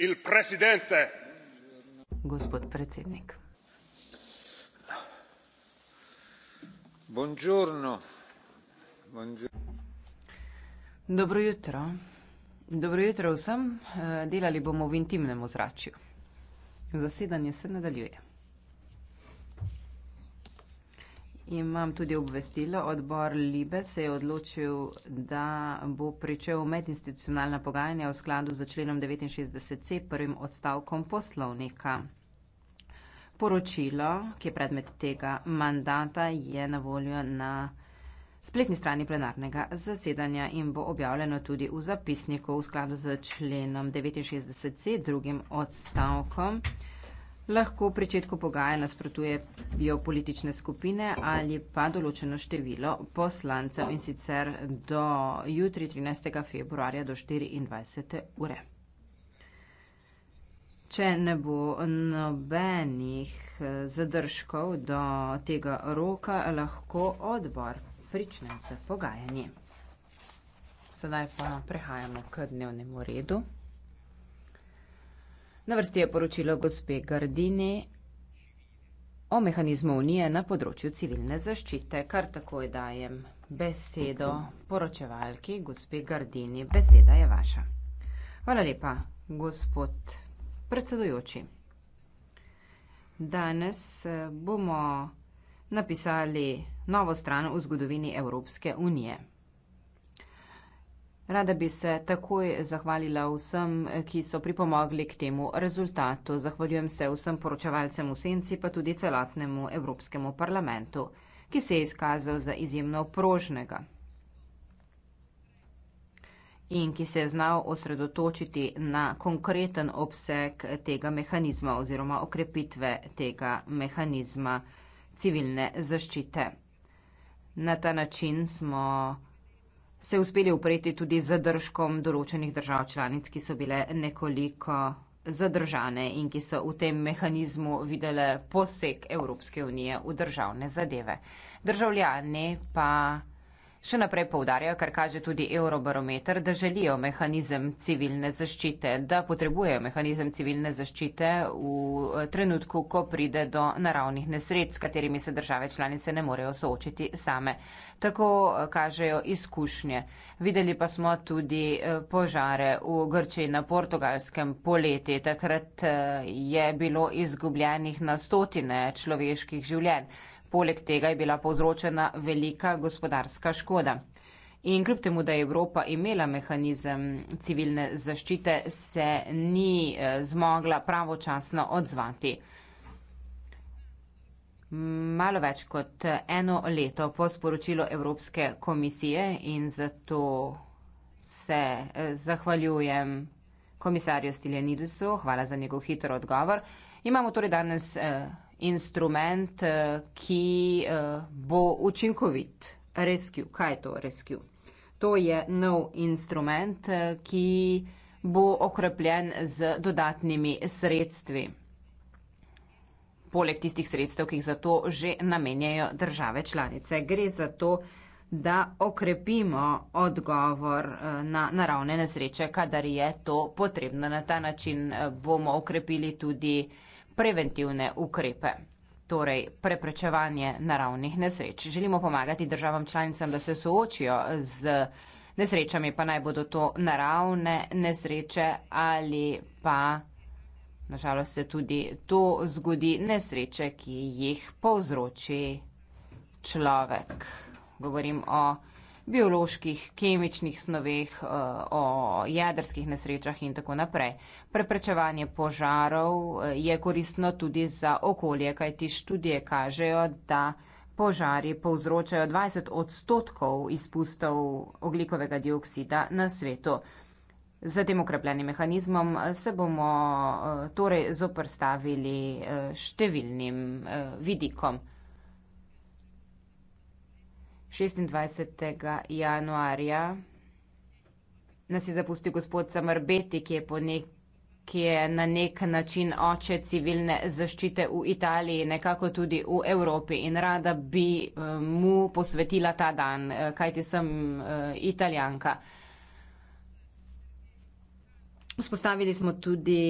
il presidente. Gospod predsednik. Buongiorno. Dobro jutro. Dobro jutro vsem. Eh, delali bomo v intimnem ozračju. Zasedanje se nadaljuje. Imam tudi obvestilo. Odbor Libe se je odločil, da bo pričel medinstitucionalna pogajanja v skladu z členom 69c prvim odstavkom poslovnika. Poročilo, ki je predmet tega mandata, je na voljo na spletni strani plenarnega zasedanja in bo objavljeno tudi v zapisniku v skladu z členom 69c drugim odstavkom lahko pričetku pogaja nasprotuje biopolitične skupine ali pa določeno število poslancev in sicer do jutri 13. februarja do 24. ure. Če ne bo nobenih eh, zadržkov do tega roka, lahko odbor prične se pogajanje. Sedaj pa prehajamo k dnevnemu redu. Na vrsti je poročilo gospe Gardini o mehanizmu Unije na področju civilne zaščite. Kar takoj dajem besedo poročevalki gospe Gardini. Beseda je vaša. Hvala lepa, gospod predsedujoči. Danes eh, bomo napisali novo stran v zgodovini Evropske unije. Rada bi se takoj zahvalila vsem, ki so pripomogli k temu rezultatu. Zahvaljujem se vsem poročevalcem v senci, pa tudi celotnemu Evropskemu parlamentu, ki se je izkazal za izjemno prožnega in ki se je znal osredotočiti na konkreten obseg tega mehanizma oziroma okrepitve tega mehanizma civilne zaščite. Na ta način smo se uspeli upreti tudi zadržkom določenih držav članic, ki so bile nekoliko zadržane in ki so v tem mehanizmu videle poseg Evropske unije v državne zadeve. Državljani pa. Še naprej povdarjajo, kar kaže tudi eurobarometer, da želijo mehanizem civilne zaščite, da potrebujejo mehanizem civilne zaščite v eh, trenutku, ko pride do naravnih nesreč, s katerimi se države članice ne morejo soočiti same. Tako eh, kažejo izkušnje. Videli pa smo tudi eh, požare v Grčiji na portugalskem poleti. Takrat je bilo izgubljenih na stotine človeških življenj. Poleg tega je bila povzročena velika gospodarska škoda. In kljub temu, da je Evropa imela mehanizem civilne zaščite, se ni eh, zmogla pravočasno odzvati. Malo več kot eno leto po sporočilu Evropske komisije in zato se eh, zahvaljujem komisarju Stiljanidusu, hvala za njegov hitro odgovor. Imamo torej danes eh, instrument, eh, ki eh, bo učinkovit. Rescue. Kaj je to Rescue? To je nov instrument, eh, ki bo okrepljen z dodatnimi sredstvi. Poleg tistih sredstev, ki jih za to že namenjajo države članice. Gre za to, da okrepimo odgovor na naravne nesreče, kadar je to potrebno. Na ta način bomo okrepili tudi uh, preventivne ukrepe. Torej, preprečevanje naravnih nesreč. Želimo pomagati državam članicam, da se soočijo z nesrečami, pa naj bodo to naravne nesreče ali pa, nažalost, se tudi to zgodi nesreče, ki jih povzroči človek. Govorim o bioloških, kemičnih snoveh, eh, o jedrskih nesrečah in tako naprej. Preprečevanje požarov eh, je koristno tudi za okolje, kajti študije kažejo, da požari povzročajo 20 odstotkov izpustov oglikovega dioksida na svetu. Z tem okrepljenim mehanizmom eh, se bomo eh, torej zoprstavili številnim vidikom. 26. januarja nas je zapustil gospod Samrbeti, ki je po nekaj ki je na nek način oče civilne zaščite v Italiji, nekako tudi v Evropi in rada bi eh, mu posvetila ta dan, eh, kajti sem eh, italijanka. Vzpostavili smo tudi,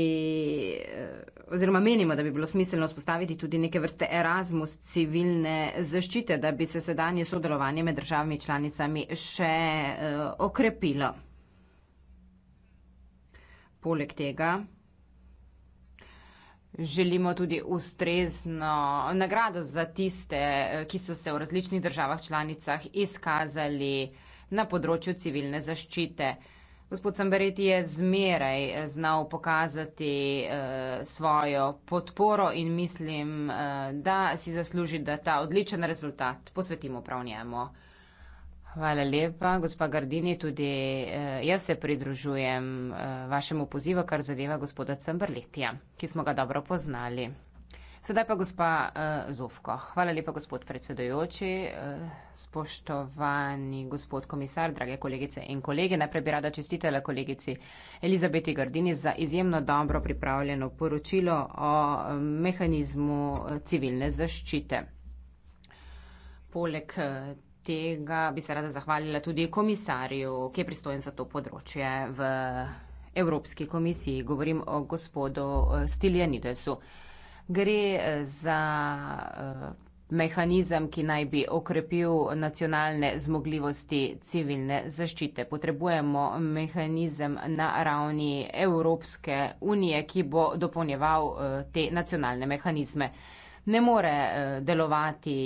oziroma menimo, da bi bilo smiselno vzpostaviti tudi neke vrste Erasmus civilne zaščite, da bi se sedanje sodelovanje med državami članicami še okrepilo. Poleg tega želimo tudi ustrezno nagrado za tiste, eh, ki so se v različnih državah članicah izkazali na področju civilne zaščite. Gospod Samberiti je zmeraj eh, znal pokazati eh, svojo podporo in mislim, eh, da si zasluži, da ta odličen rezultat posvetimo prav njemu. Hvala lepa, gospa Gardini, tudi eh, jaz se pridružujem eh, vašemu pozivu, kar zadeva gospoda Cemberletija, ki smo ga dobro poznali. Sedaj pa gospa eh, Zovko. Hvala lepa, gospod predsedojoči, eh, spoštovani gospod komisar, drage kolegice in kolege. Najprej bi rada čestitela kolegici Elizabeti Gardini za izjemno dobro pripravljeno poročilo o eh, mehanizmu eh, civilne zaščite. Poleg eh, tega bi se rada zahvalila tudi komisarju, ki je pristojen za to področje v Evropski komisiji. Govorim o gospodu eh, Stiljanidesu. Gre eh, za eh, mehanizem, ki naj bi okrepil nacionalne zmogljivosti civilne zaščite. Potrebujemo mehanizem na ravni Evropske unije, ki bo dopolnjeval te nacionalne mehanizme. Ne more delovati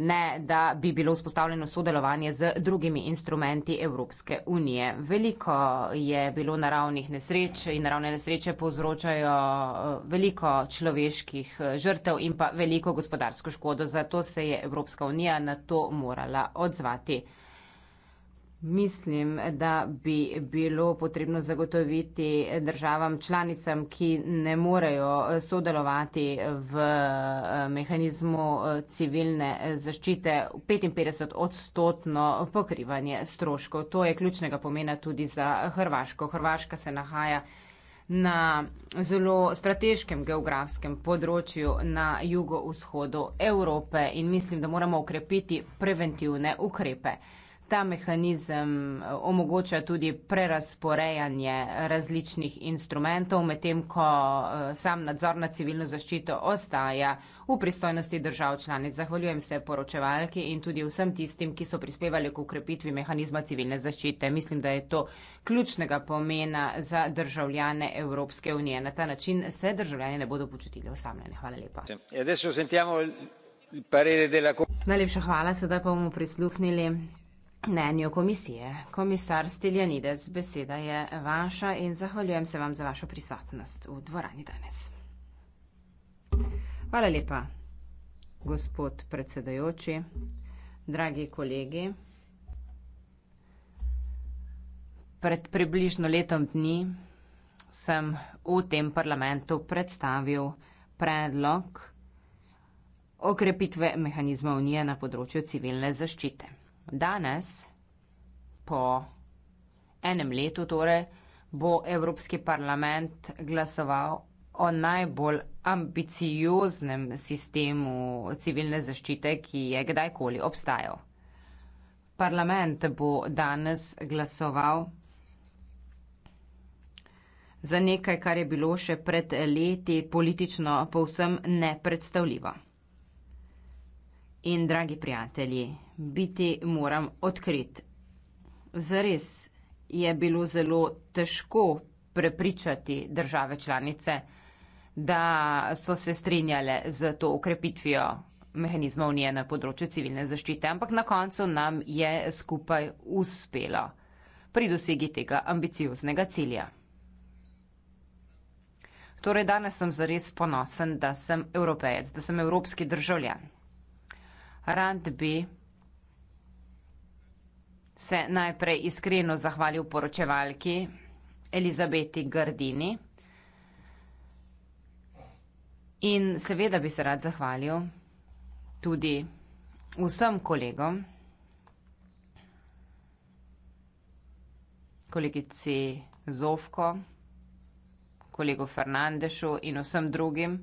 ne da bi bilo vzpostavljeno sodelovanje z drugimi instrumenti Evropske unije. Veliko je bilo naravnih nesreč in naravne nesreče povzročajo eh, veliko človeških eh, žrtev in pa veliko gospodarsko škodo. Zato se je Evropska unija na to morala odzvati. Mislim, da bi bilo potrebno zagotoviti državam članicam, ki ne morejo eh, sodelovati v eh, mehanizmu eh, civilne zaščite, 55 odstotno pokrivanje stroškov. To je ključnega pomena tudi za Hrvaško. Hrvaška se nahaja na zelo strateškem geografskem področju na jugovzhodu Evrope in mislim, da moramo ukrepiti preventivne ukrepe ta mehanizem eh, omogoča tudi prerasporejanje različnih instrumentov, medtem ko eh, sam nadzor nad civilno zaščito ostaja v pristojnosti držav članic. Zahvaljujem se poročevalki in tudi vsem tistim, ki so prispevali k ukrepitvi mehanizma civilne zaščite. Mislim, da je to ključnega pomena za državljane Evropske unije. Na ta način se državljani ne bodo počutili osamljene. Hvala lepa. E Najlepša hvala, sedaj pa bomo prisluhnili mnenju komisije. Komisar Steljanides, beseda je vaša in zahvaljujem se vam za vašo prisotnost v dvorani danes. Hvala lepa, gospod predsedajoči, dragi kolegi. Pred približno letom dni sem v tem parlamentu predstavil predlog okrepitve mehanizma Unije na področju civilne zaščite. Danes, po enem letu, torej, bo Evropski parlament glasoval o najbolj ambicioznem sistemu civilne zaščite, ki je kdajkoli obstajal. Parlament bo danes glasoval za nekaj, kar je bilo še pred leti politično povsem nepredstavljivo. In dragi prijatelji, biti moram odkrit. Zares je bilo zelo težko prepričati države članice, da so se strinjale z to ukrepitvijo mehanizma Unije na področju civilne zaščite, ampak na koncu nam je skupaj uspelo pri dosegi tega ambicioznega cilja. Torej, danes sem zares ponosen, da sem evropejec, da sem evropski državljan. Rand bi se najprej iskreno zahvalil poročevalki Elizabeti Gardini. In seveda bi se rad zahvalil tudi vsem kolegom, kolegici Zovko, kolegu Fernandešu in vsem drugim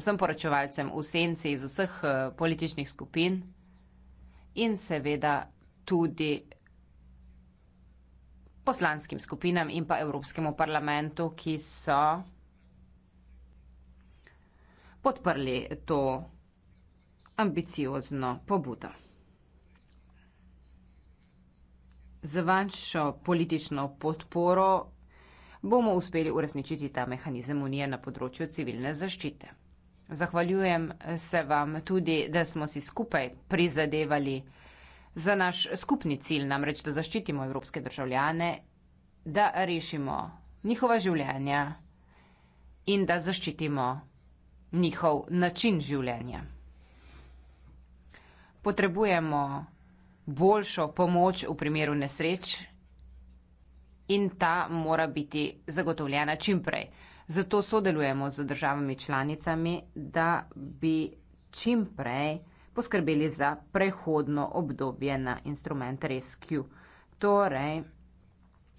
vsem poročevalcem v senci iz vseh eh, političnih skupin in seveda tudi poslanskim skupinam in pa Evropskemu parlamentu, ki so podprli to ambiciozno pobudo. Z vanjšo politično podporo bomo uspeli uresničiti ta mehanizem unije na področju civilne zaščite. Zahvaljujem se vam tudi, da smo si skupaj prizadevali za naš skupni cilj, namreč da zaščitimo evropske državljane, da rešimo njihova življenja in da zaščitimo njihov način življenja. Potrebujemo boljšo pomoč v primeru nesreč in ta mora biti zagotovljena čimprej. Zato sodelujemo z državami članicami, da bi čim prej poskrbeli za prehodno obdobje na instrument Rescue. Torej,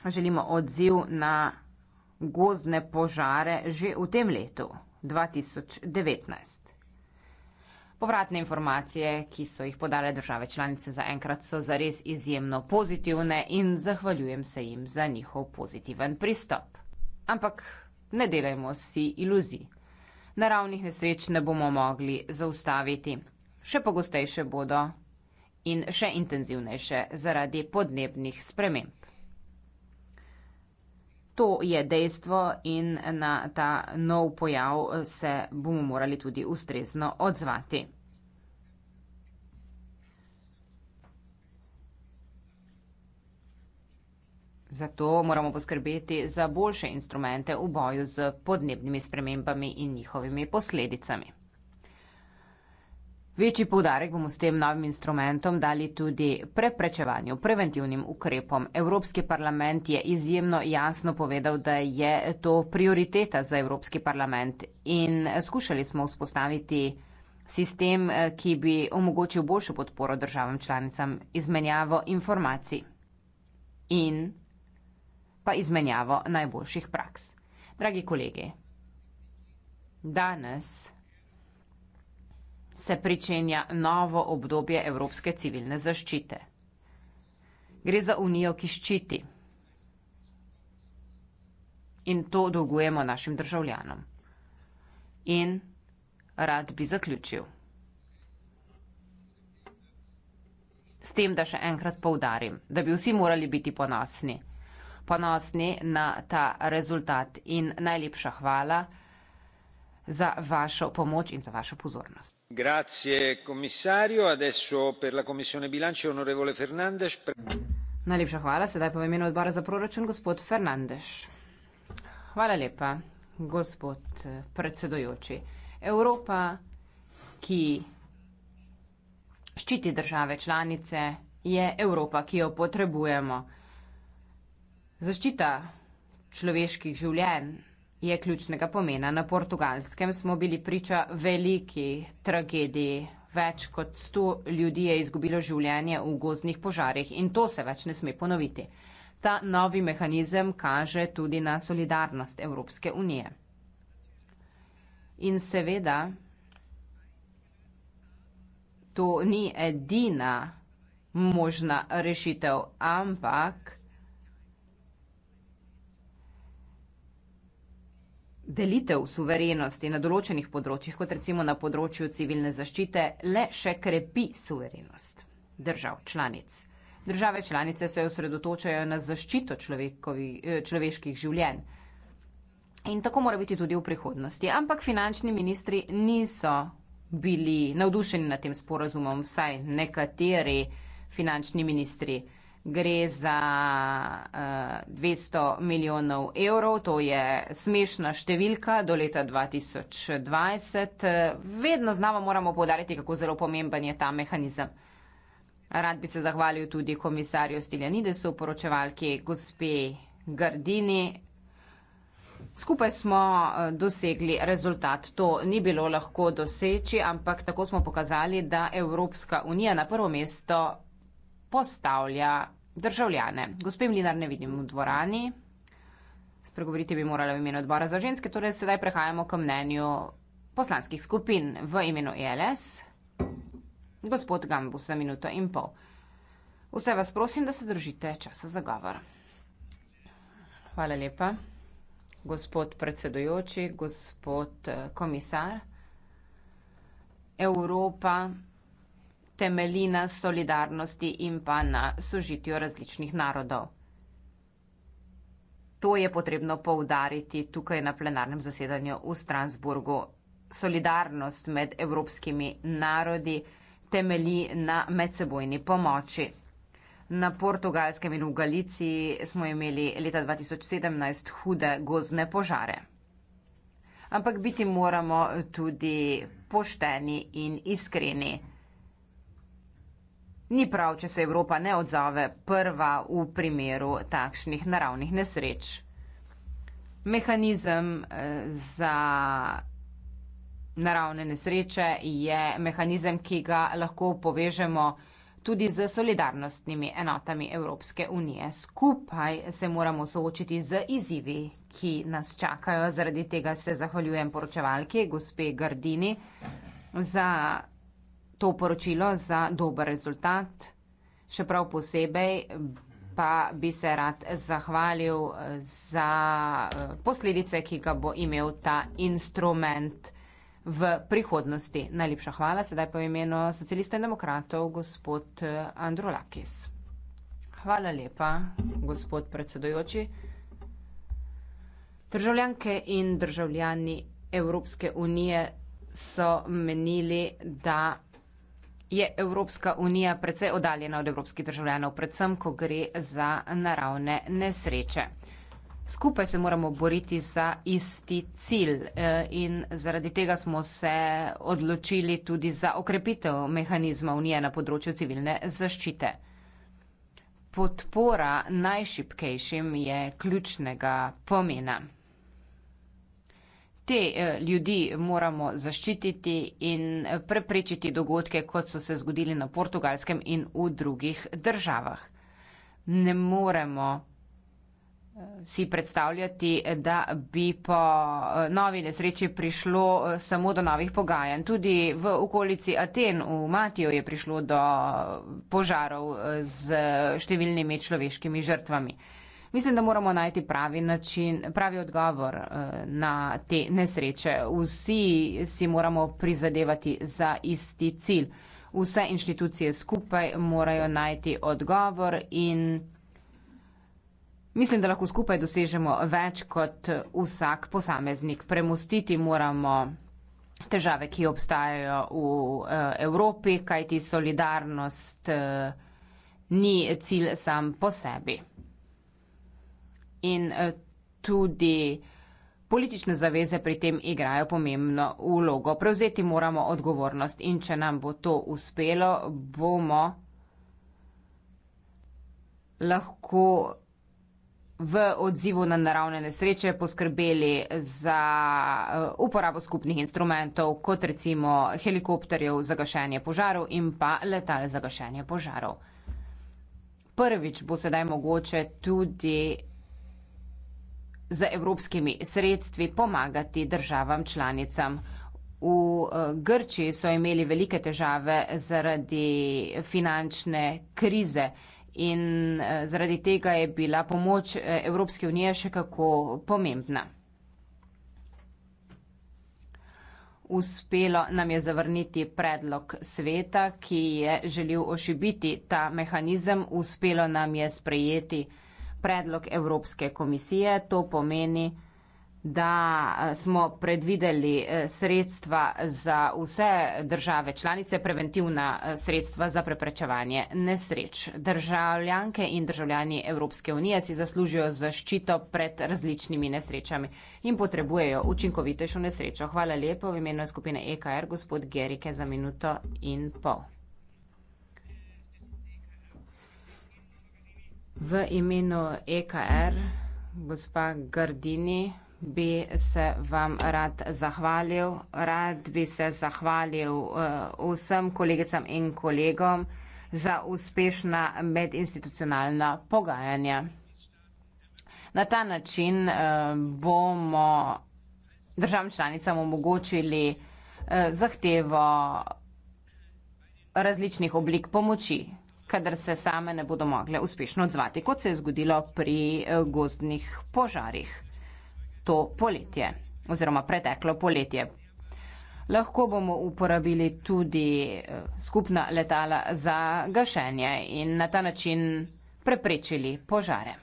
želimo odziv na gozdne požare že v tem letu 2019. Povratne informacije, ki so jih podale države članice zaenkrat, so zares izjemno pozitivne in zahvaljujem se jim za njihov pozitiven pristop. Ampak ne delajmo si iluzij. Naravnih nesreč ne bomo mogli zaustaviti, še pogostejše bodo in še intenzivnejše zaradi podnebnih sprememb. To je dejstvo in na ta nov pojav se bomo morali tudi ustrezno odzvati. Zato moramo poskrbeti za boljše instrumente v boju z podnebnimi spremembami in njihovimi posledicami. Večji povdarek bomo s tem novim instrumentom dali tudi preprečevanju, preventivnim ukrepom. Evropski parlament je izjemno jasno povedal, da je to prioriteta za Evropski parlament in skušali smo vzpostaviti sistem, ki bi omogočil boljšo podporo državam članicam izmenjavo informacij. In pa izmenjavo najboljših praks. Dragi kolegi, danes se pričenja novo obdobje Evropske civilne zaščite. Gre za unijo, ki ščiti. In to dolgujemo našim državljanom. In rad bi zaključil. S tem, da še enkrat poudarim, da bi vsi morali biti ponosni ponosni na ta rezultat in najlepša hvala za vašo pomoč in za vašo pozornost. Najlepša hvala, sedaj pa v imenu odbora za proračun gospod Fernandeš. Hvala lepa, gospod predsedujoči. Evropa, ki ščiti države članice, je Evropa, ki jo potrebujemo. Zaščita človeških življenj je ključnega pomena. Na portugalskem smo bili priča veliki tragediji. Več kot sto ljudi je izgubilo življenje v gozdnih požarih in to se več ne sme ponoviti. Ta novi mehanizem kaže tudi na solidarnost Evropske unije. In seveda, to ni edina možna rešitev, ampak delitev suverenosti na določenih področjih, kot recimo na področju civilne zaščite, le še krepi suverenost držav članic. Države članice se osredotočajo na zaščito človekovi, eh, človeških življenj. In tako mora biti tudi v prihodnosti. Ampak finančni ministri niso bili navdušeni nad tem sporazumom, vsaj nekateri finančni ministri gre za uh, eh, 200 milijonov evrov, to je smešna številka do leta 2020. Eh, vedno znova moramo podariti, kako zelo pomemben je ta mehanizem. Rad bi se zahvalil tudi komisarju Stiljanidesu, poročevalki gospe Gardini. Skupaj smo eh, dosegli rezultat. To ni bilo lahko doseči, ampak tako smo pokazali, da Evropska unija na prvo mesto postavlja državljane. Gospe Mlinar ne vidim v dvorani. Spregovoriti bi morala v imenu odbora za ženske, torej sedaj prehajamo k mnenju poslanskih skupin v imenu ELS. Gospod Gambus, za minuto in pol. Vse vas prosim, da se držite časa za govor. Hvala lepa. Gospod predsedujoči, gospod eh, komisar, Evropa temelji na solidarnosti in pa na sožitju različnih narodov. To je potrebno poudariti tukaj na plenarnem zasedanju v Strasburgu. Solidarnost med evropskimi narodi temelji na medsebojni pomoči. Na Portugalskem in v Galiciji smo imeli leta 2017 hude gozne požare. Ampak biti moramo tudi pošteni in iskreni. Ni prav, če se Evropa ne odzove prva v primeru takšnih naravnih nesreč. Mehanizem eh, za naravne nesreče je mehanizem, ki ga lahko povežemo tudi z solidarnostnimi enotami Evropske unije. Skupaj se moramo soočiti z izzivi, ki nas čakajo. Zaradi tega se zahvaljujem poročevalki, gospe Gardini, za to poročilo za dober rezultat. Še prav posebej pa bi se rad zahvalil eh, za eh, posledice, ki ga bo imel ta instrument v prihodnosti. Najlepša hvala, sedaj pa v imenu socialistov in demokratov gospod eh, Androlakis. Hvala lepa, gospod predsedujoči. Državljanke in državljani Evropske unije so menili, da je Evropska unija precej oddaljena od evropskih državljanov, predvsem ko gre za naravne nesreče. Skupaj se moramo boriti za isti cilj eh, in zaradi tega smo se odločili tudi za okrepitev mehanizma Unije na področju civilne zaščite. Podpora najšipkejšim je ključnega pomena te eh, ljudi moramo zaščititi in eh, preprečiti dogodke, kot so se zgodili na portugalskem in v drugih državah. Ne moremo eh, si predstavljati, da bi po novi nesreči prišlo samo do novih pogajanj. Tudi v okolici Aten v Matijo je prišlo do požarov z številnimi človeškimi žrtvami. Mislim, da moramo najti pravi način, pravi odgovor eh, na te nesreče. Vsi si moramo prizadevati za isti cilj. Vse inštitucije skupaj morajo najti odgovor in mislim, da lahko skupaj dosežemo več kot vsak posameznik. Premustiti moramo težave, ki obstajajo v eh, Evropi, kajti solidarnost eh, ni cilj sam po sebi in eh, tudi politične zaveze pri tem igrajo pomembno vlogo. Prevzeti moramo odgovornost in če nam bo to uspelo, bomo lahko v odzivu na naravne nesreče poskrbeli za eh, uporabo skupnih instrumentov, kot recimo helikopterjev za gašenje požarov in pa letal za gašenje požarov. Prvič bo sedaj mogoče tudi z evropskimi sredstvi pomagati državam članicam. V eh, Grči so imeli velike težave zaradi finančne krize in eh, zaradi tega je bila pomoč eh, Evropske unije še kako pomembna. Uspelo nam je zavrniti predlog sveta, ki je želel ošibiti ta mehanizem, uspelo nam je sprejeti predlog predlog Evropske komisije. To pomeni, da eh, smo predvideli eh, sredstva za vse države članice, preventivna eh, sredstva za preprečevanje nesreč. Državljanke in državljani Evropske unije si zaslužijo zaščito pred različnimi nesrečami in potrebujejo učinkovitejšo nesrečo. Hvala lepo v imenu skupine EKR, gospod Gerike, za minuto in pol. V imenu EKR, gospa Gardini, bi se vam rad zahvalil. Rad bi se zahvalil, eh, vsem kolegicam in kolegom za uspešna medinstitucionalna pogajanja. Na ta način, eh, bomo državam članicam omogočili, eh, zahtevo različnih oblik pomoči kadar se same ne bodo mogle uspešno odzvati, kot se je zgodilo pri eh, gozdnih požarih to poletje oziroma preteklo poletje. Lahko bomo uporabili tudi eh, skupna letala za gašenje in na ta način preprečili požare.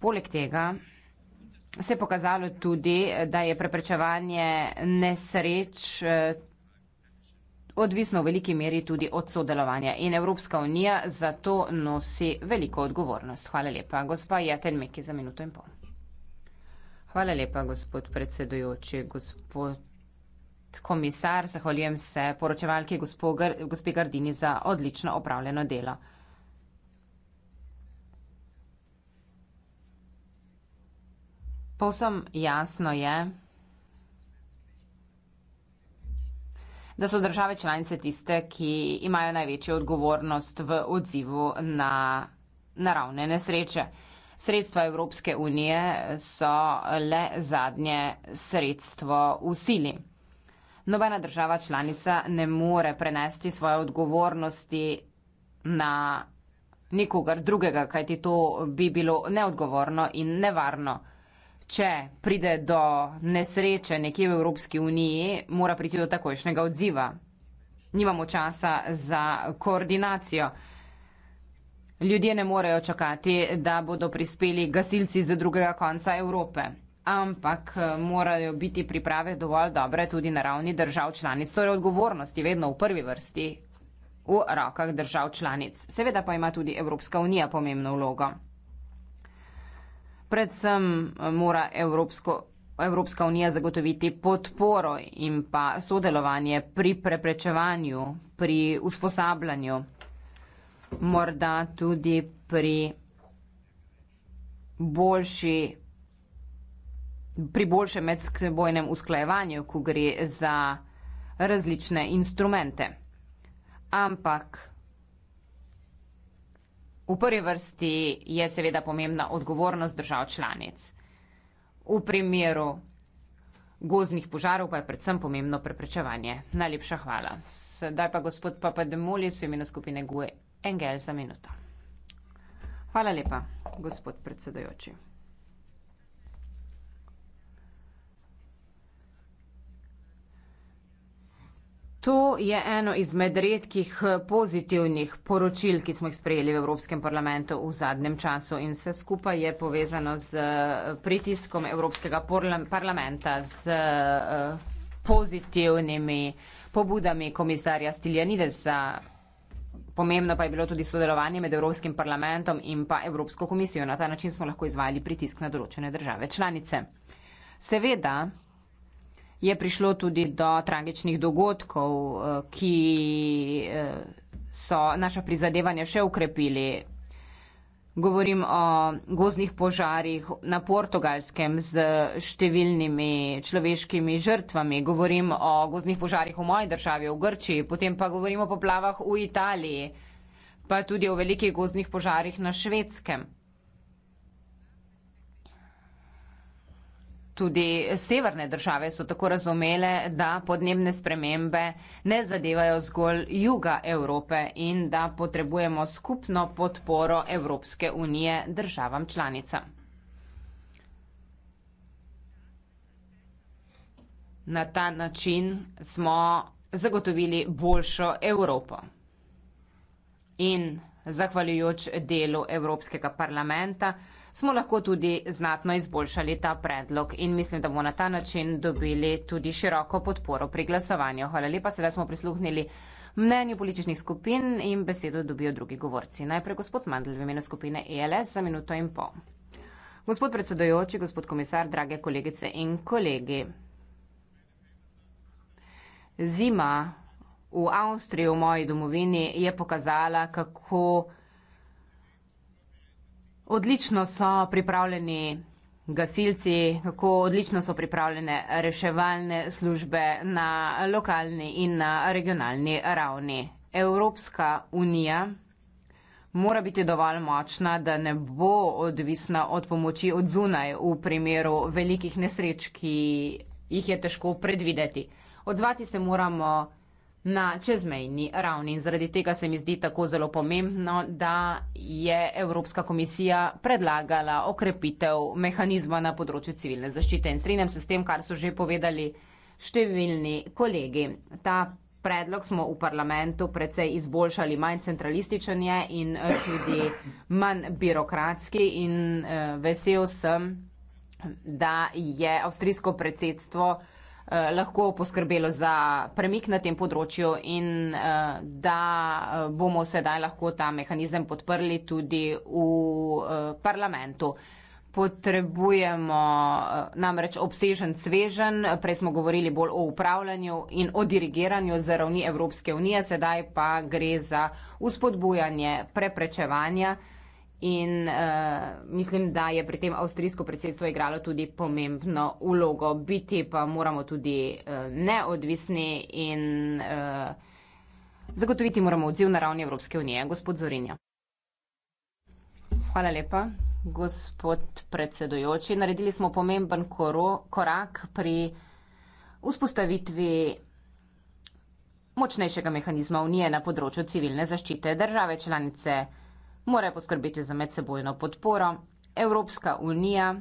Poleg tega se je pokazalo tudi, da je preprečevanje nesreč eh, odvisno v veliki meri tudi od sodelovanja in Evropska unija za to nosi veliko odgovornost. Hvala lepa, gospa Jaten Meki, za minuto in pol. Hvala lepa, gospod predsedujoči, gospod komisar. Zahvaljujem se poročevalki gospe Gardini za odlično opravljeno delo. Povsem jasno je, da so države članice tiste, ki imajo največjo odgovornost v odzivu na naravne nesreče. Sredstva Evropske unije so le zadnje sredstvo v sili. Nobena država članica ne more prenesti svoje odgovornosti na nikogar drugega, kajti to bi bilo neodgovorno in nevarno če pride do nesreče nekje v Evropski uniji, mora priti do takojšnjega odziva. Nimamo časa za koordinacijo. Ljudje ne morejo čakati, da bodo prispeli gasilci z drugega konca Evrope, ampak eh, morajo biti priprave dovolj dobre tudi na ravni držav članic. Torej odgovornosti vedno v prvi vrsti v rokah držav članic. Seveda pa ima tudi Evropska unija pomembno vlogo predvsem eh, mora Evropsko, Evropska unija zagotoviti podporo in pa sodelovanje pri preprečevanju, pri usposabljanju, morda tudi pri boljši pri boljšem medsebojnem usklajevanju, ko gre za različne instrumente. Ampak V prvi vrsti je seveda pomembna odgovornost držav članic. V primeru gozdnih požarov pa je predvsem pomembno preprečevanje. Najlepša hvala. Sedaj pa gospod Papademolis v imenu skupine GUE Engel za minuto. Hvala lepa, gospod predsedojoči. To je eno izmed redkih eh, pozitivnih poročil, ki smo jih sprejeli v Evropskem parlamentu v zadnjem času in vse skupaj je povezano z eh, pritiskom Evropskega parlamenta, z eh, pozitivnimi pobudami komisarja Stiljanidesa. Pomembno pa je bilo tudi sodelovanje med Evropskim parlamentom in pa Evropsko komisijo. Na ta način smo lahko izvajali pritisk na določene države članice. Seveda je prišlo tudi do tragičnih dogodkov, eh, ki eh, so naša prizadevanja še ukrepili. Govorim o gozdnih požarih na portugalskem z številnimi človeškimi žrtvami, govorim o gozdnih požarih v moji državi, v Grčiji, potem pa govorim o poplavah v Italiji, pa tudi o velikih gozdnih požarih na švedskem. tudi severne države so tako razumele, da podnebne spremembe ne zadevajo zgolj juga Evrope in da potrebujemo skupno podporo Evropske unije državam članicam. Na ta način smo zagotovili boljšo Evropo. In zahvaljujoč delu Evropskega parlamenta, smo lahko tudi znatno izboljšali ta predlog in mislim, da bomo na ta način dobili tudi široko podporo pri glasovanju. Hvala lepa, sedaj smo prisluhnili mnenju političnih skupin in besedo dobijo drugi govorci. Najprej gospod Mandl v imenu skupine ELS za minuto in pol. Gospod predsedojoči, gospod komisar, drage kolegice in kolegi. Zima v Avstriji, v moji domovini, je pokazala, kako Odlično so pripravljeni gasilci, kako odlično so pripravljene reševalne službe na lokalni in na regionalni ravni. Evropska unija mora biti dovolj močna, da ne bo odvisna od pomoči od zunaj v primeru velikih nesreč, ki jih je težko predvideti. Odzvati se moramo na čezmejni ravni. In zaradi tega se mi zdi tako zelo pomembno, da je Evropska komisija predlagala okrepitev mehanizma na področju civilne zaščite. In strinjam se s tem, kar so že povedali številni kolegi. Ta predlog smo v parlamentu precej izboljšali, manj centralističen je in eh, tudi manj birokratski in eh, vesel sem, da je avstrijsko predsedstvo Eh, lahko poskrbelo za premik na tem področju in eh, da eh, bomo sedaj lahko ta mehanizem podprli tudi v parlamentu. Potrebujemo namreč obsežen svežen, prej smo govorili bolj o upravljanju in o dirigiranju za ravni Evropske unije, sedaj pa gre za uspodbujanje preprečevanja In uh, mislim, da je pri tem avstrijsko predsedstvo igralo tudi pomembno ulogo. Biti pa moramo tudi uh, neodvisni in uh, zagotoviti moramo odziv na ravni Evropske unije. Gospod Zorinja. Hvala lepa, gospod predsedujoči. Naredili smo pomemben koro, korak pri vzpostavitvi močnejšega mehanizma unije na področju civilne zaščite države članice morajo poskrbeti za medsebojno podporo, Evropska unija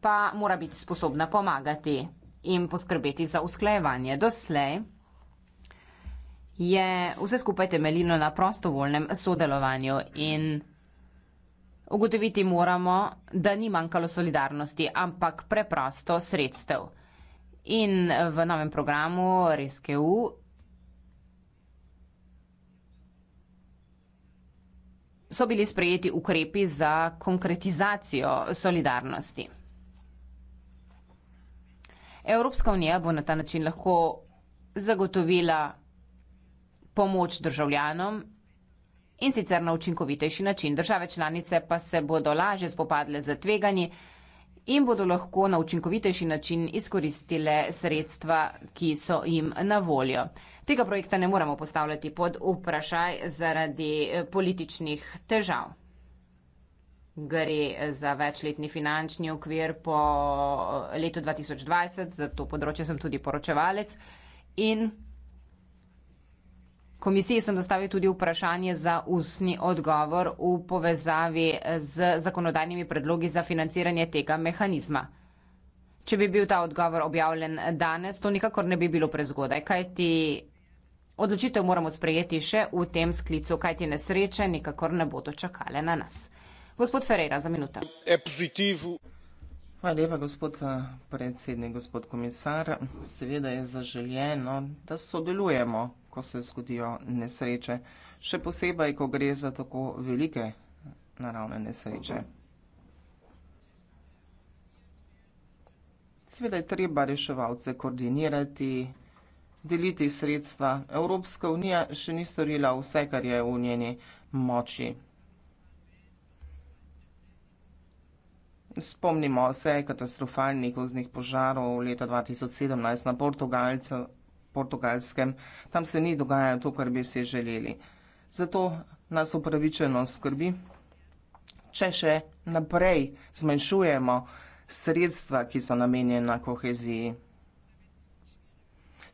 pa mora biti sposobna pomagati in poskrbeti za usklajevanje. Doslej je vse skupaj temeljino na prostovoljnem sodelovanju in ugotoviti moramo, da ni manjkalo solidarnosti, ampak preprosto sredstev. In v novem programu RSKU so bili sprejeti ukrepi za konkretizacijo solidarnosti. Evropska unija bo na ta način lahko zagotovila pomoč državljanom in sicer na učinkovitejši način. Države članice pa se bodo lažje spopadle za tveganji in bodo lahko na učinkovitejši način izkoristile sredstva, ki so jim na voljo. Tega projekta ne moremo postavljati pod vprašaj zaradi eh, političnih težav. Gre eh, za večletni finančni okvir po eh, letu 2020, za to področje sem tudi poročevalec. In komisiji sem zastavil tudi vprašanje za ustni odgovor v povezavi z zakonodajnimi predlogi za financiranje tega mehanizma. Če bi bil ta odgovor objavljen danes, to nikakor ne bi bilo prezgodaj, kajti Odločitev moramo sprejeti še v tem sklicu, kajti nesreče nikakor ne bodo čakale na nas. Gospod Ferreira, za minuto. E Hvala lepa, gospod eh, predsednik, gospod komisar. Seveda je zaželjeno, da sodelujemo, ko se zgodijo nesreče, še posebej, ko gre za tako velike naravne nesreče. Seveda je treba reševalce koordinirati, deliti sredstva. Evropska unija še ni storila vse, kar je v njeni moči. Spomnimo se katastrofalnih oznih požarov leta 2017 na Portugalskem. Tam se ni dogajalo to, kar bi si želeli. Zato nas upravičeno skrbi, če še naprej zmanjšujemo sredstva, ki so namenjena koheziji.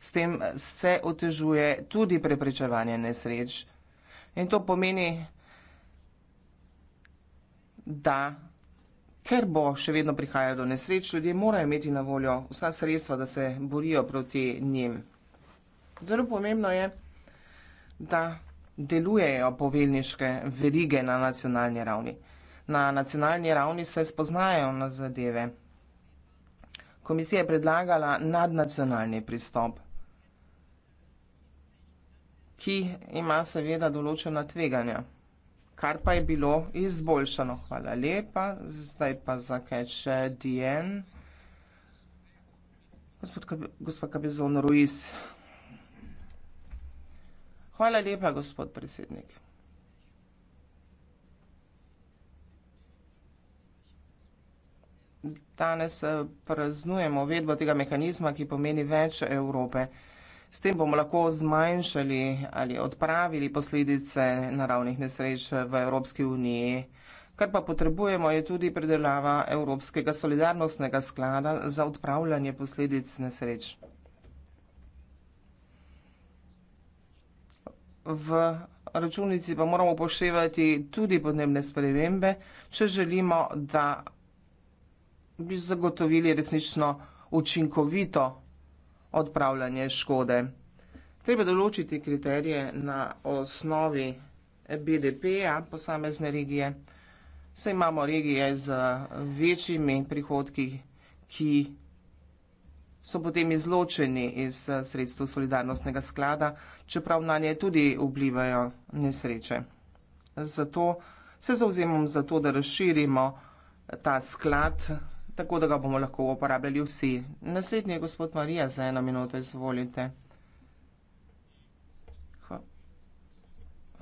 S tem se otežuje tudi preprečevanje nesreč. In to pomeni, da ker bo še vedno prihajalo do nesreč, ljudje morajo imeti na voljo vsa sredstva, da se borijo proti njim. Zelo pomembno je, da delujejo povelniške verige na nacionalni ravni. Na nacionalni ravni se spoznajo na zadeve. Komisija je predlagala nadnacionalni pristop ki ima seveda določena tveganja. Kar pa je bilo izboljšano. Hvala lepa. Zdaj pa za kaj še Dien. Gospod Kab gospa Kabezon Ruiz. Hvala lepa, gospod predsednik. Danes eh, praznujemo vedbo tega mehanizma, ki pomeni več Evrope. S tem bomo lahko zmanjšali ali odpravili posledice naravnih nesreč v Evropski uniji. Kar pa potrebujemo je tudi predelava Evropskega solidarnostnega sklada za odpravljanje posledic nesreč. V računici pa moramo upoštevati tudi podnebne spremembe, če želimo, da bi zagotovili resnično učinkovito odpravljanje škode. Treba določiti kriterije na osnovi BDP-ja posamezne regije. Vse imamo regije z večjimi prihodki, ki so potem izločeni iz eh, sredstv solidarnostnega sklada, čeprav na nje tudi vplivajo nesreče. Zato se zauzemam za to, da razširimo ta sklad tako da ga bomo lahko uporabljali vsi. Naslednji je gospod Marija za eno minuto, izvolite.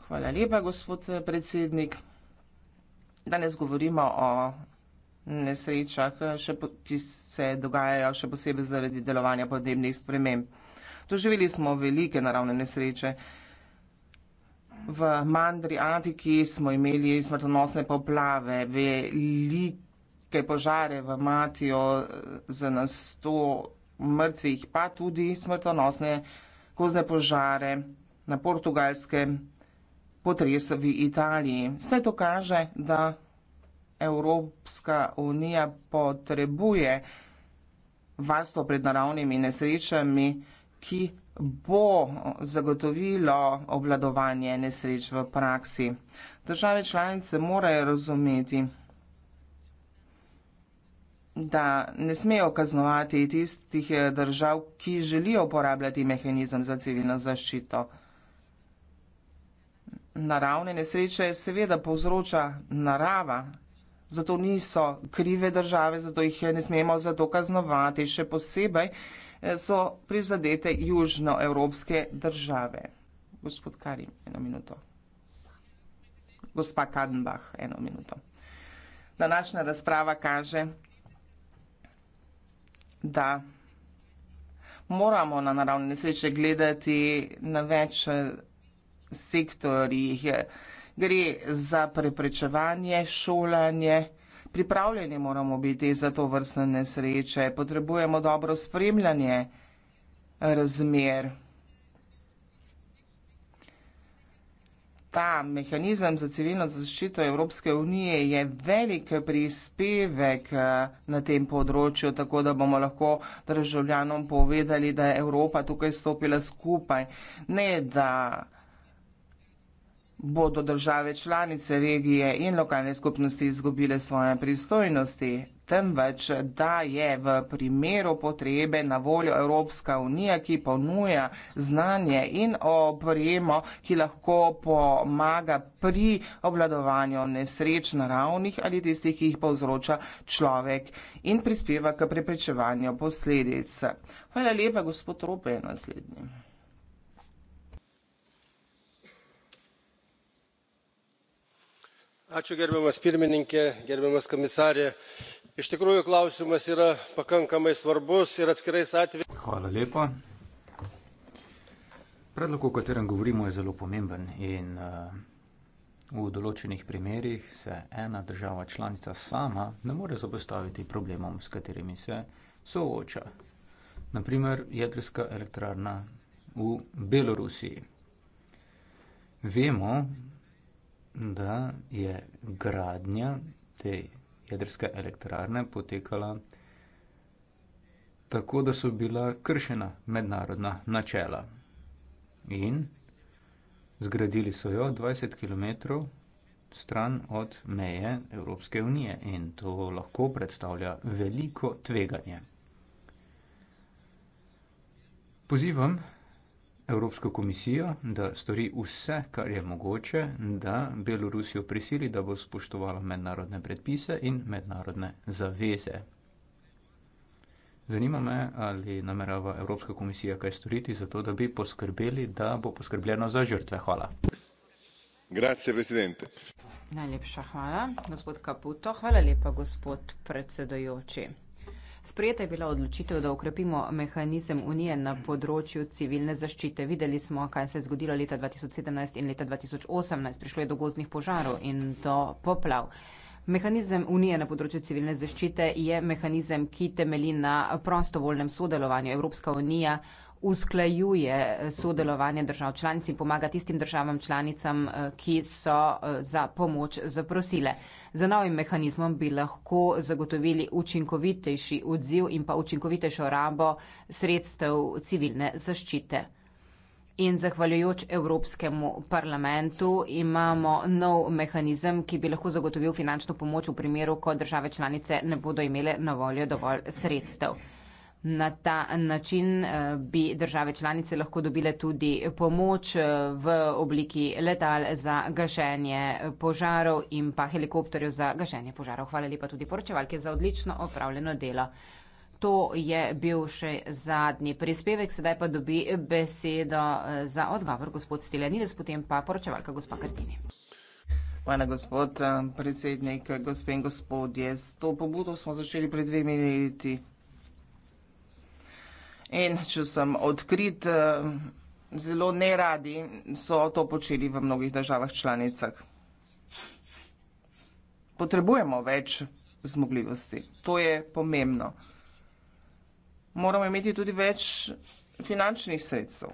Hvala lepa, gospod predsednik. Danes govorimo o nesrečah, po, ki se dogajajo še posebej zaradi delovanja podnebnih sprememb. Doživeli smo velike naravne nesreče. V Mandri Antiki smo imeli smrtonosne poplave, velike kaj požare v Matijo za nas sto mrtvih, pa tudi smrtonosne kozne požare na portugalskem potres v Italiji. Vse to kaže, da Evropska unija potrebuje varstvo pred naravnimi nesrečami, ki bo zagotovilo obladovanje nesreč v praksi. Države članice morajo razumeti, da ne smejo kaznovati tistih eh, držav, ki želijo uporabljati mehanizem za civilno zaščito. Naravne nesreče seveda povzroča narava, zato niso krive države, zato jih ne smemo zato kaznovati. Še posebej eh, so prizadete južnoevropske države. Gospod Karim, eno minuto. Gospa Kadenbach, eno minuto. Današnja razprava kaže, da moramo na naravne nesreče gledati na več eh, sektorjih. Gre za preprečevanje, šolanje, pripravljeni moramo biti za to vrstne nesreče, potrebujemo dobro spremljanje razmer. ta mehanizem za civilno zaščito Evropske unije je velik prispevek eh, na tem področju, tako da bomo lahko državljanom povedali, da je Evropa tukaj stopila skupaj. Ne, da bodo države članice regije in lokalne skupnosti izgubile svoje pristojnosti, temveč da je v primeru potrebe na voljo Evropska unija, ki ponuja znanje in opremo, ki lahko pomaga pri obladovanju nesreč naravnih ali tistih, ki jih povzroča človek in prispeva k preprečevanju posledic. Hvala lepa, gospod Rope je naslednji. Ačiū gerbiamas pirmininkė gerbiamas komisarė iš tikrųjų klausimas yra pakankamai svarbus ir atskirais atvejais. Hvala lepa. Predlog, o katerem govorimo, je zelo pomemben in uh, v določenih primerjih se ena država članica sama ne more zapostaviti problemom, s katerimi se sooča. Naprimer, jedrska elektrarna v Belorusiji. Vemo, da je gradnja te jedrske elektrarne potekala tako, da so bila kršena mednarodna načela. In zgradili so jo 20 km stran od meje Evropske unije in to lahko predstavlja veliko tveganje. Pozivam Evropsko komisijo, da stori vse, kar je mogoče, da Belorusijo prisili, da bo spoštovala mednarodne predpise in mednarodne zaveze. Zanima me, ali namerava Evropska komisija kaj storiti za to, da bi poskrbeli, da bo poskrbljeno za žrtve. Hvala. Grazie, presidente. Najlepša hvala, gospod Kaputo. Hvala lepa, gospod predsedojoči. Sprejeta je bila odločitev, da ukrepimo mehanizem Unije na področju civilne zaščite. Videli smo, kaj se je zgodilo leta 2017 in leta 2018. Prišlo je do gozdnih požarov in do poplav. Mehanizem Unije na področju civilne zaščite je mehanizem, ki temeli na prostovoljnem sodelovanju. Evropska unija usklajuje eh, sodelovanje držav članic in pomaga tistim državam članicam, eh, ki so eh, za pomoč zaprosile. Za novim mehanizmom bi lahko zagotovili učinkovitejši odziv in pa učinkovitejšo rabo sredstev civilne zaščite. In zahvaljujoč Evropskemu parlamentu imamo nov mehanizem, ki bi lahko zagotovil finančno pomoč v primeru, ko države članice ne bodo imele na voljo dovolj sredstev. Na ta način eh, bi države članice lahko dobile tudi pomoč eh, v obliki letal za gašenje eh, požarov in pa helikopterjev za gašenje požarov. Hvala lepa tudi poročevalke za odlično opravljeno delo. To je bil še zadnji prispevek, sedaj pa dobi besedo za odgovor gospod Stilenides, potem pa poročevalka gospa Kartini. Hvala, gospod predsednik, gospe in gospodje. S to pobudo smo začeli pred dvemi leti. In če sem odkrit, eh, zelo neradi so to počeli v mnogih državah članicah. Potrebujemo več zmogljivosti. To je pomembno. Moramo imeti tudi več finančnih sredstev.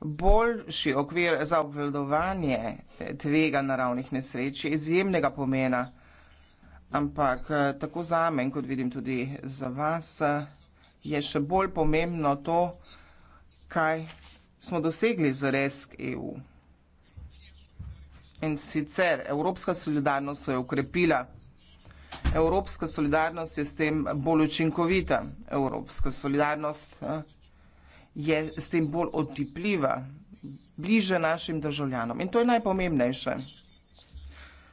Boljši okvir za obvladovanje eh, tvega naravnih nesreč je izjemnega pomena, ampak eh, tako za men, kot vidim tudi za vas, je še bolj pomembno to, kaj smo dosegli z resk EU. In sicer Evropska solidarnost se je ukrepila. Evropska solidarnost je s tem bolj učinkovita. Evropska solidarnost eh, je s tem bolj otipljiva, bliže našim državljanom. In to je najpomembnejše.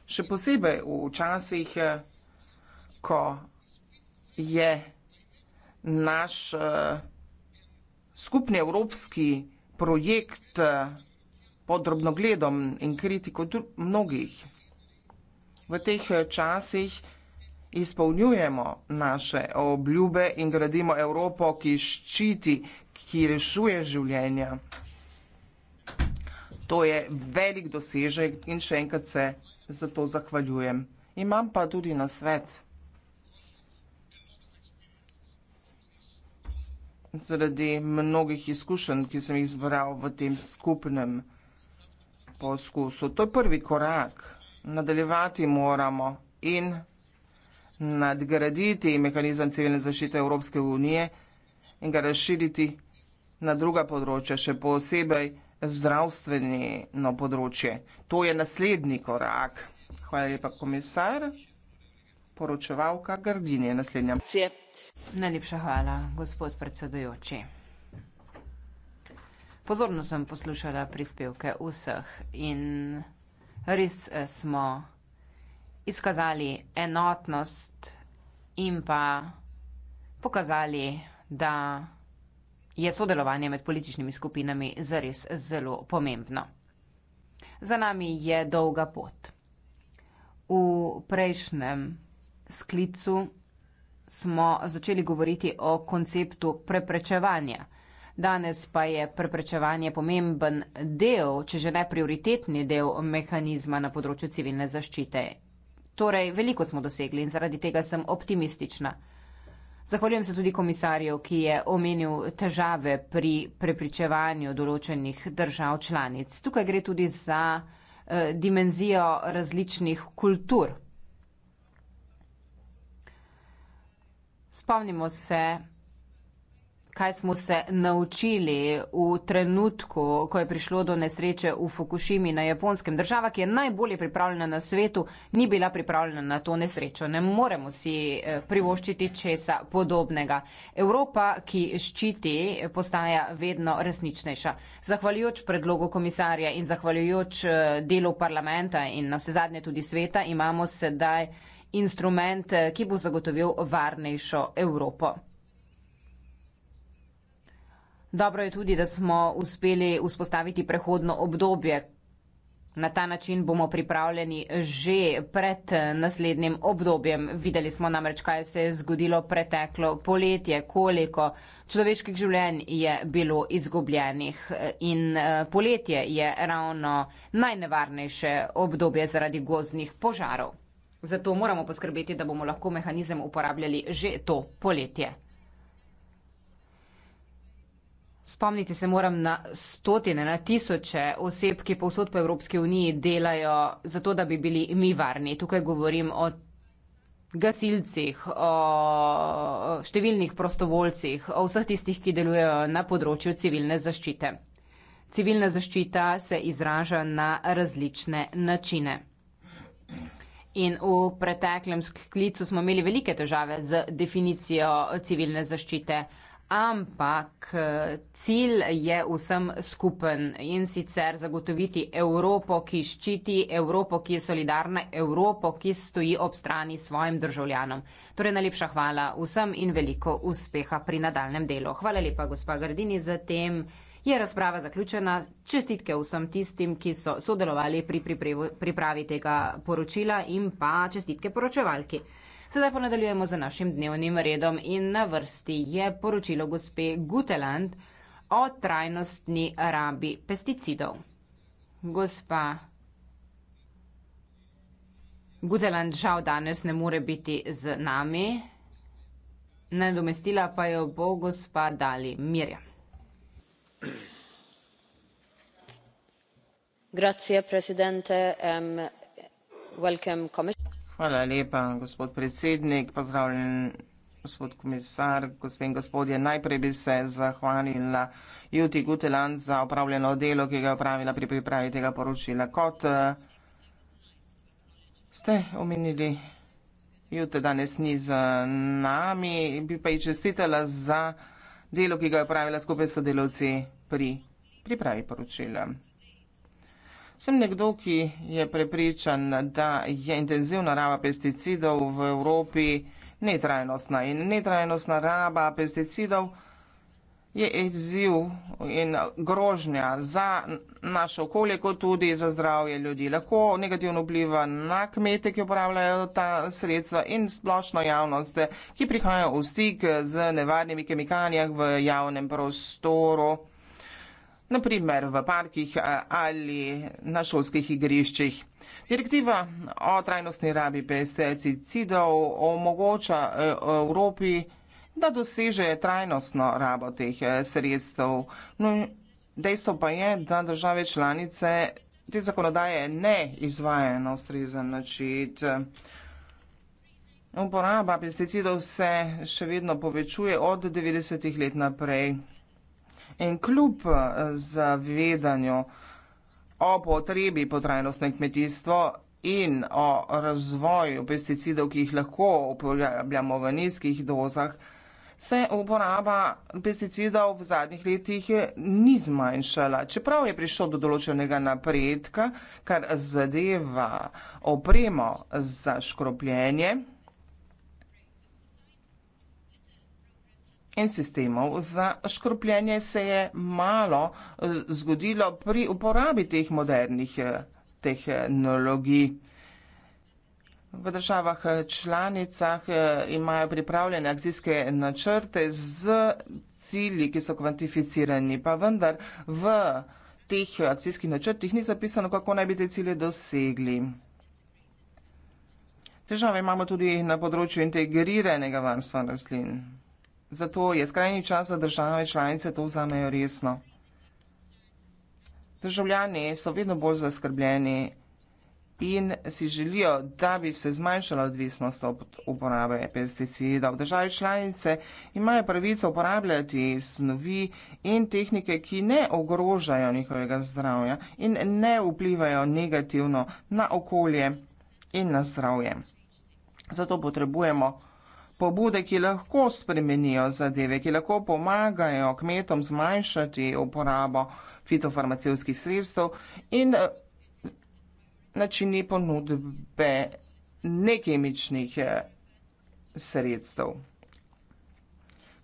Še posebej v časih, eh, ko je vsega, naš eh, skupni evropski projekt eh, pod drobnogledom in kritiko mnogih. V teh eh, časih izpolnjujemo naše obljube in gradimo Evropo, ki ščiti, ki rešuje življenja. To je velik dosežek in še enkrat se za to zahvaljujem. Imam pa tudi na svet. zaradi mnogih izkušenj, ki sem jih zbral v tem skupnem poskusu. To je prvi korak. Nadaljevati moramo in nadgraditi mehanizem civilne zaščite Evropske unije in ga razširiti na druga področja, še posebej zdravstveno področje. To je naslednji korak. Hvala lepa, komisar poročevalka Gardinje naslednja. Najlepša hvala, gospod predsedujoči. Pozorno sem poslušala prispevke vseh in res eh, smo izkazali enotnost in pa pokazali, da je sodelovanje med političnimi skupinami zares zelo pomembno. Za nami je dolga pot. V prejšnjem sklicu smo začeli govoriti o konceptu preprečevanja. Danes pa je preprečevanje pomemben del, če že ne prioritetni del mehanizma na področju civilne zaščite. Torej, veliko smo dosegli in zaradi tega sem optimistična. Zahvaljujem se tudi komisarju, ki je omenil težave pri prepričevanju določenih držav članic. Tukaj gre tudi za eh, dimenzijo različnih kultur. Spomnimo se, kaj smo se naučili v trenutku, ko je prišlo do nesreče v Fukushimi na Japonskem. Država, ki je najbolje pripravljena na svetu, ni bila pripravljena na to nesrečo. Ne moremo si eh, privoščiti česa podobnega. Evropa, ki ščiti, postaja vedno resničnejša. Zahvaljujoč predlogu komisarja in zahvaljujoč eh, delu parlamenta in na vse zadnje tudi sveta imamo sedaj instrument, eh, ki bo zagotovil varnejšo Evropo. Dobro je tudi, da smo uspeli vzpostaviti prehodno obdobje. Na ta način bomo pripravljeni že pred eh, naslednjim obdobjem. Videli smo namreč, kaj se je zgodilo preteklo poletje, koliko človeških življenj je bilo izgubljenih. Eh, in poletje je ravno najnevarnejše obdobje zaradi gozdnih požarov. Zato moramo poskrbeti, da bomo lahko mehanizem uporabljali že to poletje. Spomniti se moram na stotine, na tisoče oseb, ki povsod po Evropski uniji delajo zato, da bi bili mi varni. Tukaj govorim o gasilcih, o številnih prostovoljcih, o vseh tistih, ki delujejo na področju civilne zaščite. Civilna zaščita se izraža na različne načine. In v preteklem sklicu smo imeli velike težave z definicijo civilne zaščite, ampak cilj je vsem skupen in sicer zagotoviti Evropo, ki ščiti, Evropo, ki je solidarna, Evropo, ki stoji ob strani svojim državljanom. Torej, najlepša hvala vsem in veliko uspeha pri nadaljem delu. Hvala lepa, gospa Gardini, za tem je razprava zaključena. Čestitke vsem tistim, ki so sodelovali pri pripravi tega poročila in pa čestitke poročevalki. Sedaj pa nadaljujemo z našim dnevnim redom in na vrsti je poročilo gospe Guteland o trajnostni rabi pesticidov. Gospa Guteland žal danes ne more biti z nami, nadomestila pa jo bo gospa Dali Mirjam. Hvala lepa, gospod predsednik. Pozdravljen, gospod komisar, gospe in gospodje. Najprej bi se zahvalila Juti Guteland za opravljeno delo, ki ga je opravila pri pripravi tega poročila. Kot eh, ste omenili, Jute danes ni z nami, bi pa ji čestitala za delo, ki ga je opravila skupaj s sodelavci pri pripravi poročila. Sem nekdo, ki je prepričan, da je intenzivna raba pesticidov v Evropi netrajnostna in netrajnostna raba pesticidov je izziv in grožnja za naše okolje, kot tudi za zdravje ljudi. Lahko negativno vpliva na kmete, ki uporabljajo ta sredstva in splošno javnost, ki prihajajo v stik z nevarnimi kemikalijami v javnem prostoru naprimer v parkih eh, ali na šolskih igriščih. Direktiva o trajnostni rabi pesticidov omogoča eh, Evropi, da doseže trajnostno rabo teh eh, sredstev. No, dejstvo pa je, da države članice te zakonodaje ne izvajajo na ustrezen način. Uporaba pesticidov se še vedno povečuje od 90-ih let naprej. In kljub eh, zavedanju o potrebi po trajnostnem kmetijstvu in o razvoju pesticidov, ki jih lahko uporabljamo v nizkih dozah, se uporaba pesticidov v zadnjih letih eh, ni zmanjšala. Čeprav je prišlo do določenega napredka, kar zadeva opremo za škropljenje, In sistemov za škropljenje se je malo eh, zgodilo pri uporabi teh modernih eh, tehnologij. V državah eh, članicah imajo pripravljene akcijske načrte z cilji, ki so kvantificirani, pa vendar v teh akcijskih načrtih ni zapisano, kako naj bi te cilje dosegli. Težave imamo tudi na področju integriranega varstva rastlin. Zato je skrajni čas, da države članice to vzamejo resno. Državljani so vedno bolj zaskrbljeni in si želijo, da bi se zmanjšala odvisnost od uporabe pesticidov. Države članice imajo pravico uporabljati snovi in tehnike, ki ne ogrožajo njihovega zdravja in ne vplivajo negativno na okolje in na zdravje. Zato potrebujemo pobude, ki lahko spremenijo zadeve, ki lahko pomagajo kmetom zmanjšati uporabo fitofarmacijskih sredstev in eh, načini ponudbe nekemičnih eh, sredstev.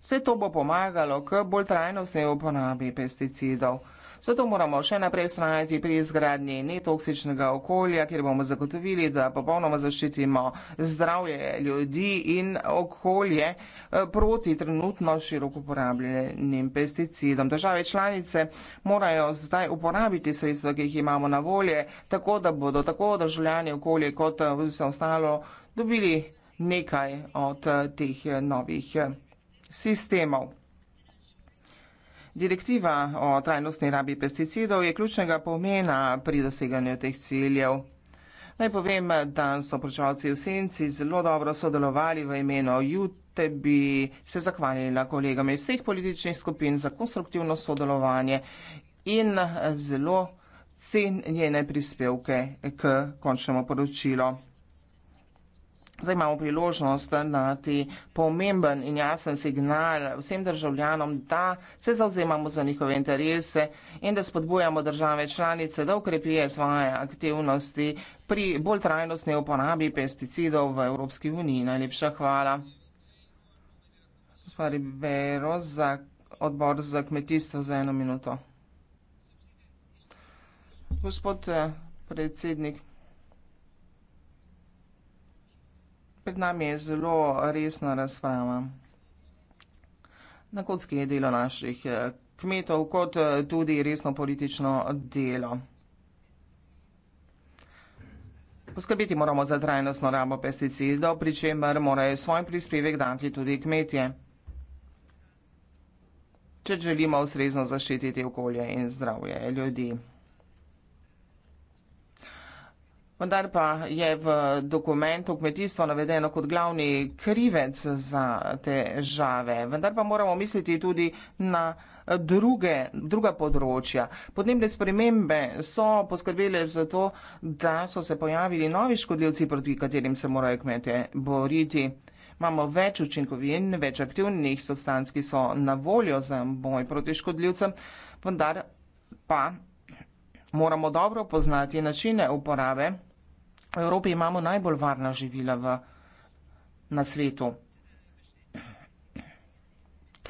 Vse to bo pomagalo k bolj trajnostni uporabi pesticidov. Zato moramo še naprej ustrajati pri izgradnji netoksičnega okolja, kjer bomo zagotovili, da popolnoma zaščitimo zdravje ljudi in okolje eh, proti trenutno široko uporabljenim pesticidom. Države članice morajo zdaj uporabiti sredstva, ki jih imamo na volje, tako da bodo tako državljani okolje kot eh, vse ostalo dobili nekaj od eh, teh novih sistemov. Direktiva o trajnostni rabi pesticidov je ključnega pomena pri doseganju teh ciljev. Naj povem, da so pročevalci v Senci zelo dobro sodelovali v imenu Jute, bi se zahvalila kolegom iz vseh političnih skupin za konstruktivno sodelovanje in zelo cenjene prispevke k končnemu poročilu. Zdaj imamo priložnost dati pomemben in jasen signal vsem državljanom, da se zauzemamo za njihove interese in da spodbujamo države članice, da ukrepije svoje aktivnosti pri bolj trajnostni uporabi pesticidov v Evropski uniji. Najlepša hvala. Gospod Ribeiro za odbor za kmetijstvo za eno minuto. Gospod eh, predsednik, Pred nami je zelo resna razprava. Na kocki je delo naših eh, kmetov, kot eh, tudi resno politično delo. Poskrbeti moramo za trajnostno rabo pesticidov, pri čemer morajo svoj prispevek dati tudi kmetje, če želimo ustrezno zaščititi okolje in zdravje ljudi. Vendar pa je v dokumentu kmetijstvo navedeno kot glavni krivec za težave. Vendar pa moramo misliti tudi na druge, druga področja. Podnebne spremembe so poskrbele za to, da so se pojavili novi škodljivci, proti katerim se morajo kmete boriti. Imamo več učinkovin, več aktivnih substanc, ki so na voljo za boj proti škodljivcem, vendar pa. Moramo dobro poznati načine uporabe. Po Evropi imamo najbolj varna živila v, na svetu.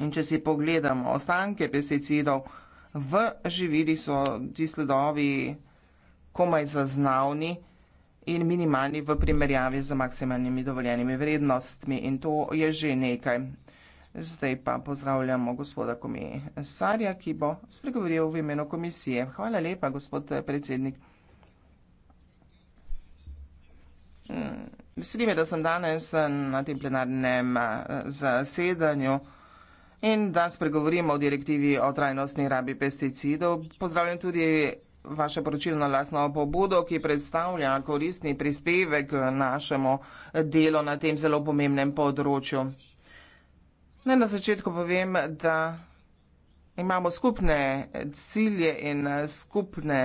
In če si pogledamo ostanke pesticidov, v živilih so ti sledovi komaj zaznavni in minimalni v primerjavi z maksimalnimi dovoljenimi vrednostmi. In to je že nekaj. Zdaj pa pozdravljamo gospoda komisarja, ki bo spregovoril v imenu komisije. Hvala lepa, gospod predsednik. Veseli me, da sem danes eh, na tem plenarnem eh, zasedanju in da spregovorimo o direktivi o trajnostni rabi pesticidov. Pozdravljam tudi vaše poročilno lasno pobudo, ki predstavlja koristni prispevek našemu eh, delu na tem zelo pomembnem področju. Naj na začetku povem, da imamo skupne cilje in skupne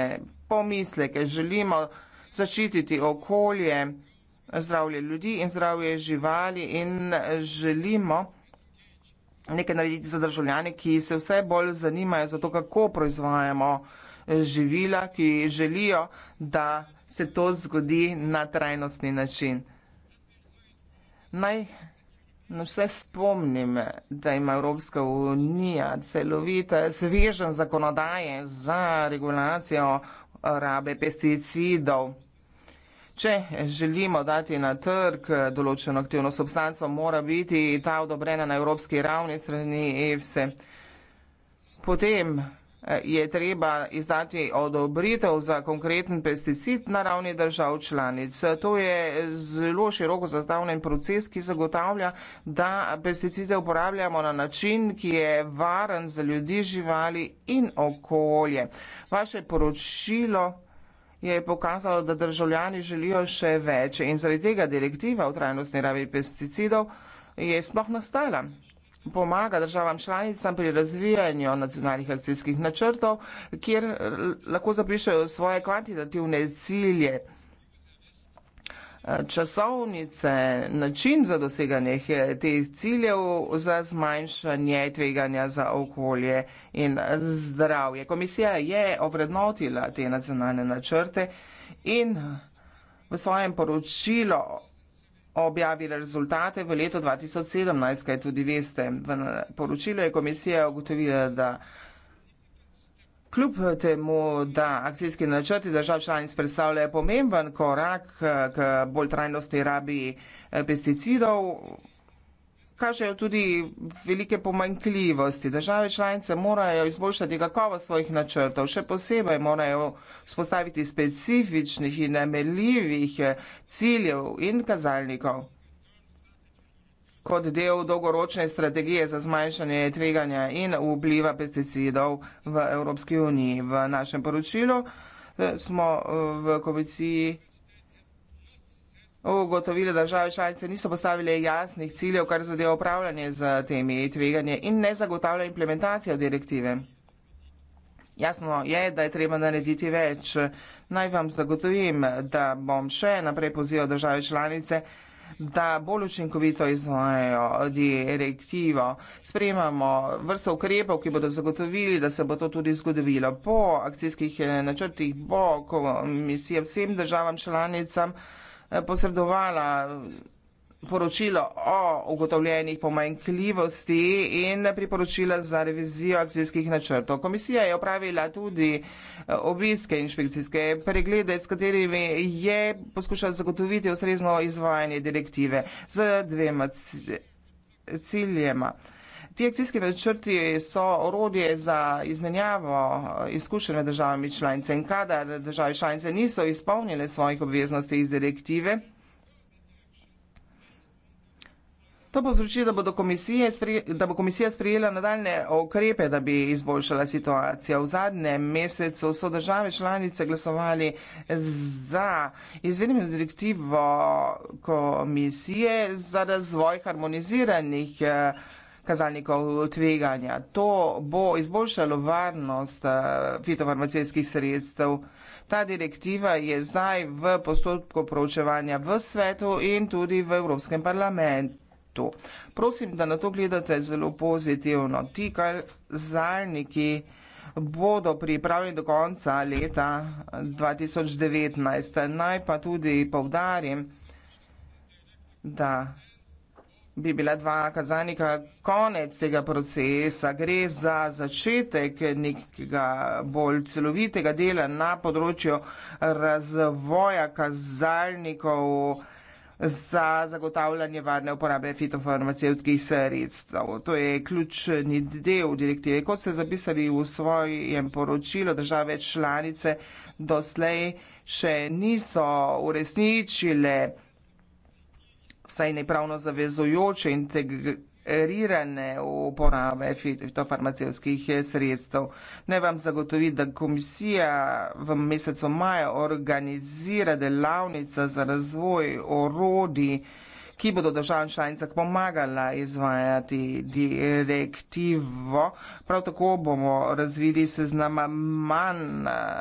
pomisleke. Želimo zaščititi okolje, zdravje ljudi in zdravje živali in želimo nekaj narediti za državljane, ki se vse bolj zanimajo za to, kako proizvajamo eh, živila, ki želijo, da se to zgodi na trajnostni način. Naj na vse spomnim, da ima Evropska unija celovit svežen zakonodaje za regulacijo rabe pesticidov. Če želimo dati na trg določeno aktivno substanco, mora biti ta odobrena na evropski ravni strani EFSE. E. Potem eh, je treba izdati odobritev za konkreten pesticid na ravni držav članic. To je zelo široko zastavljen proces, ki zagotavlja, da pesticide uporabljamo na način, ki je varen za ljudi, živali in okolje. Vaše poročilo je pokazalo, da državljani želijo še več in zaradi tega direktiva o trajnostni ravi pesticidov je sploh nastala. Pomaga državam članicam pri razvijanju nacionalnih akcijskih načrtov, kjer lahko zapišajo svoje kvantitativne cilje časovnice, način za doseganje teh ciljev za zmanjšanje tveganja za okolje in zdravje. Komisija je ovrednotila te nacionalne načrte in v svojem poročilo objavila rezultate v letu 2017, kaj tudi veste. V poročilu je komisija ugotovila, da Kljub temu, da akcijski načrti držav članic predstavljajo pomemben korak eh, k bolj trajnosti rabi eh, pesticidov, kažejo tudi velike pomankljivosti. Države članice morajo izboljšati kakovost svojih načrtov, še posebej morajo spostaviti specifičnih in nemeljivih eh, ciljev in kazalnikov kot del dolgoročne strategije za zmanjšanje tveganja in vpliva pesticidov v Evropski uniji. V našem poročilu eh, smo eh, v komisiji ugotovili, da države članice niso postavile jasnih ciljev, kar zadeva upravljanje z temi tveganje in ne zagotavlja implementacijo direktive. Jasno je, da je treba narediti več. Naj vam zagotovim, da bom še naprej pozival države članice, da bolj učinkovito izvajajo direktivo. Spremamo vrsto ukrepov, ki bodo zagotovili, da se bo to tudi zgodovilo. Po akcijskih eh, načrtih bo komisija vsem državam članicam eh, posredovala poročilo o ugotovljenih pomanjkljivosti in priporočila za revizijo akcijskih načrtov. Komisija je opravila tudi eh, obiske inšpekcijske preglede, s katerimi je poskušala zagotoviti ustrezno izvajanje direktive z dvema ciljema. Ti akcijski načrti so orodje za izmenjavo eh, izkušenj med državami članice in kadar države članice niso izpolnile svojih obveznosti iz direktive, To povzroči, da, da bo komisija sprejela nadaljne okrepe, da bi izboljšala situacijo. V zadnjem mesecu so države članice glasovali za izvedenje direktivo komisije za razvoj harmoniziranih eh, kazalnikov tveganja. To bo izboljšalo varnost eh, fitofarmacijskih sredstev. Ta direktiva je zdaj v postopku proučevanja v svetu in tudi v Evropskem parlamentu to. Prosim, da na to gledate zelo pozitivno. Ti kazalniki bodo pripravljeni do konca leta 2019. Naj pa tudi povdarim, da bi bila dva kazalnika konec tega procesa. Gre za začetek nekega bolj celovitega dela na področju razvoja kazalnikov za zagotavljanje varne uporabe fitofarmacevskih sredstv. To je ključni del direktive. Kot ste zapisali v svojem poročilu, države članice doslej še niso uresničile vsaj nepravno zavezujoče integracije rirane uporabe fitofarmacevskih sredstev. Ne vam zagotovi, da komisija v mesecu maja organizira delavnica za razvoj orodi, ki bodo državam članicam pomagala izvajati direktivo. Prav tako bomo razvili seznama manj